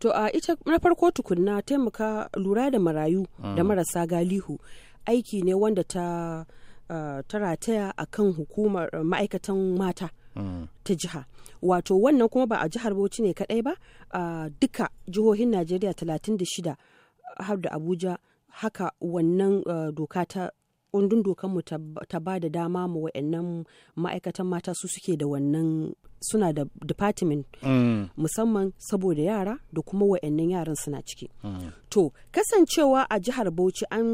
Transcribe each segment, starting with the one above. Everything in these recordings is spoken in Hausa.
to a ita na farko tukunna taimaka lura da marayu da mm. marasa galihu aiki ne wanda ta ta rataya a kan hukumar ma'aikatan mata mm. ta jiha wato wannan kuma ba a jihar bauchi ne kadai ba a duka jihohin najeriya 36 har da abuja haka wannan doka ta kundin dokan mu ta ba da dama mu wa'annan ma'aikatan mata su suke da wannan suna da department mm. musamman saboda yara da kuma wa'annan yaran suna ciki mm. to kasancewa a jihar bauchi an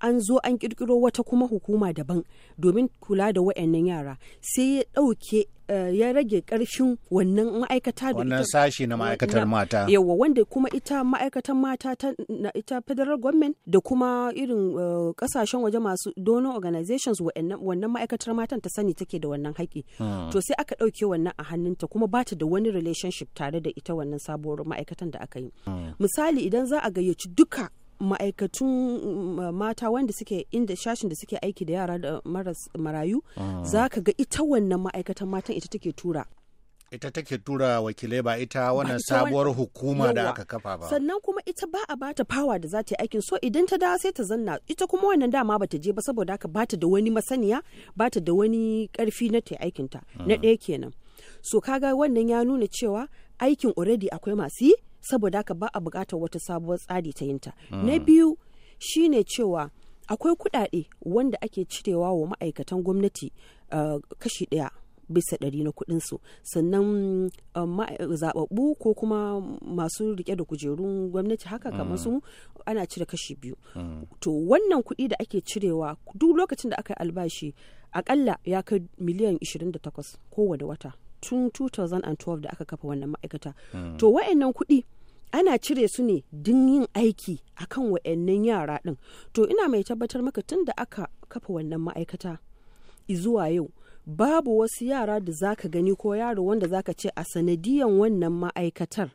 an zo an kirkiro wata kuma hukuma daban domin kula da wayannan yara sai ya ɗauke eh, ya rage ƙarshen wannan ma'aikata da wannan sashi na ma'aikatar mata yawa wanda kuma ita ma'aikatan mata ta ita federal government da kuma irin kasashen eh, waje masu donor organizations wannan ma'aikatar matan ta sani take da wannan haƙi hmm. to sai aka ɗauke wannan a hannunta kuma bata da wani relationship tare da ita wannan sabuwar ma'aikatan da aka yi hmm. misali idan za a gayyaci duka ma'aikatun mm, mm, mata wanda suke inda shashin da suke aiki da yara da maras marayu ah. za ka ga ita wannan ma'aikatan matan ita take tura ita take tura wakilai ba ita wannan sabuwar hukuma da aka kafa ba sannan kuma ita ba a bata fawa da za ta yi aikin so idan ta da sai ta zanna ita kuma wannan dama ba ta je ba saboda haka ba ta da wani masaniya ba ta da wani karfi na ta aikinta na ah. ɗaya kenan so kaga wannan ya nuna cewa aikin already akwai masu yi saboda haka ba a buƙatar wata sabuwar tsari ta yinta hmm. na biyu shine cewa akwai kuɗaɗe wanda ake cirewa wa ma'aikatan gwamnati uh, kashi ɗaya bisa ɗari na kuɗinsu sannan um, uh, zaɓaɓɓu ko kuma masu rike da kujerun gwamnati haka kamar hmm. su ana cire kashi biyu hmm. to wannan kuɗi da ake cirewa duk lokacin da aka yi albashi akalla ya kai miliyan 28 kowane wata tun 2012 da aka kafa wannan ma'aikata to wa'annan kuɗi ana cire su ne din yin aiki akan wa'annan yara ɗin to ina mai tabbatar maka tun da aka kafa wannan ma'aikata zuwa yau babu wasu yara da zaka gani ko yaro wanda zaka ce a sanadiyan wannan ma'aikatar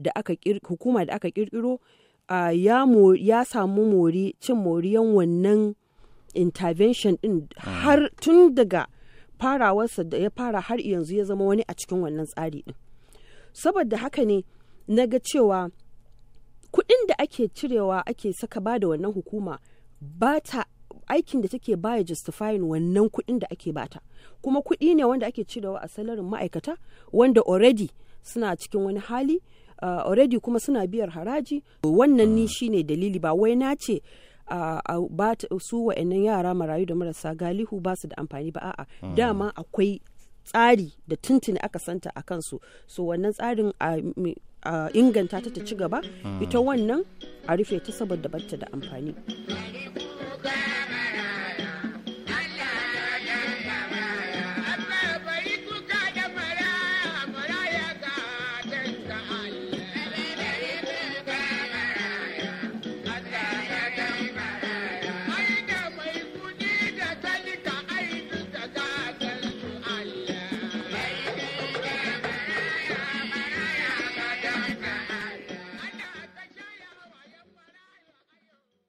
da aka hukuma da aka kirkiro ya samu mori cin moriyan wannan intervention din mm. har tun daga farawarsa da ya fara har yanzu ya zama wani a cikin wannan tsari din saboda haka ne na ga cewa kuɗin da ake cirewa ake saka ba da wannan hukuma ba ta aikin da take baya justifying wannan kuɗin da ake bata kuma kuɗi ne wanda ake cirewa a salarin ma'aikata wanda already suna cikin wani hali uh, already kuma suna biyar haraji wannan ni shine dalili ba wai na ce uh, su wa'annan yara marayu da marasa galihu ba su da amfani ba a'a mm. dama akwai tsari da tuntuni aka santa a kansu so wannan tsarin uh, a inganta ta ta ci gaba mm. ita wannan a rufe ta saboda bata da amfani.